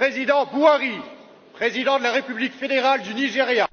Prezident Buhari, prezident de la République fédérale du Nigeria.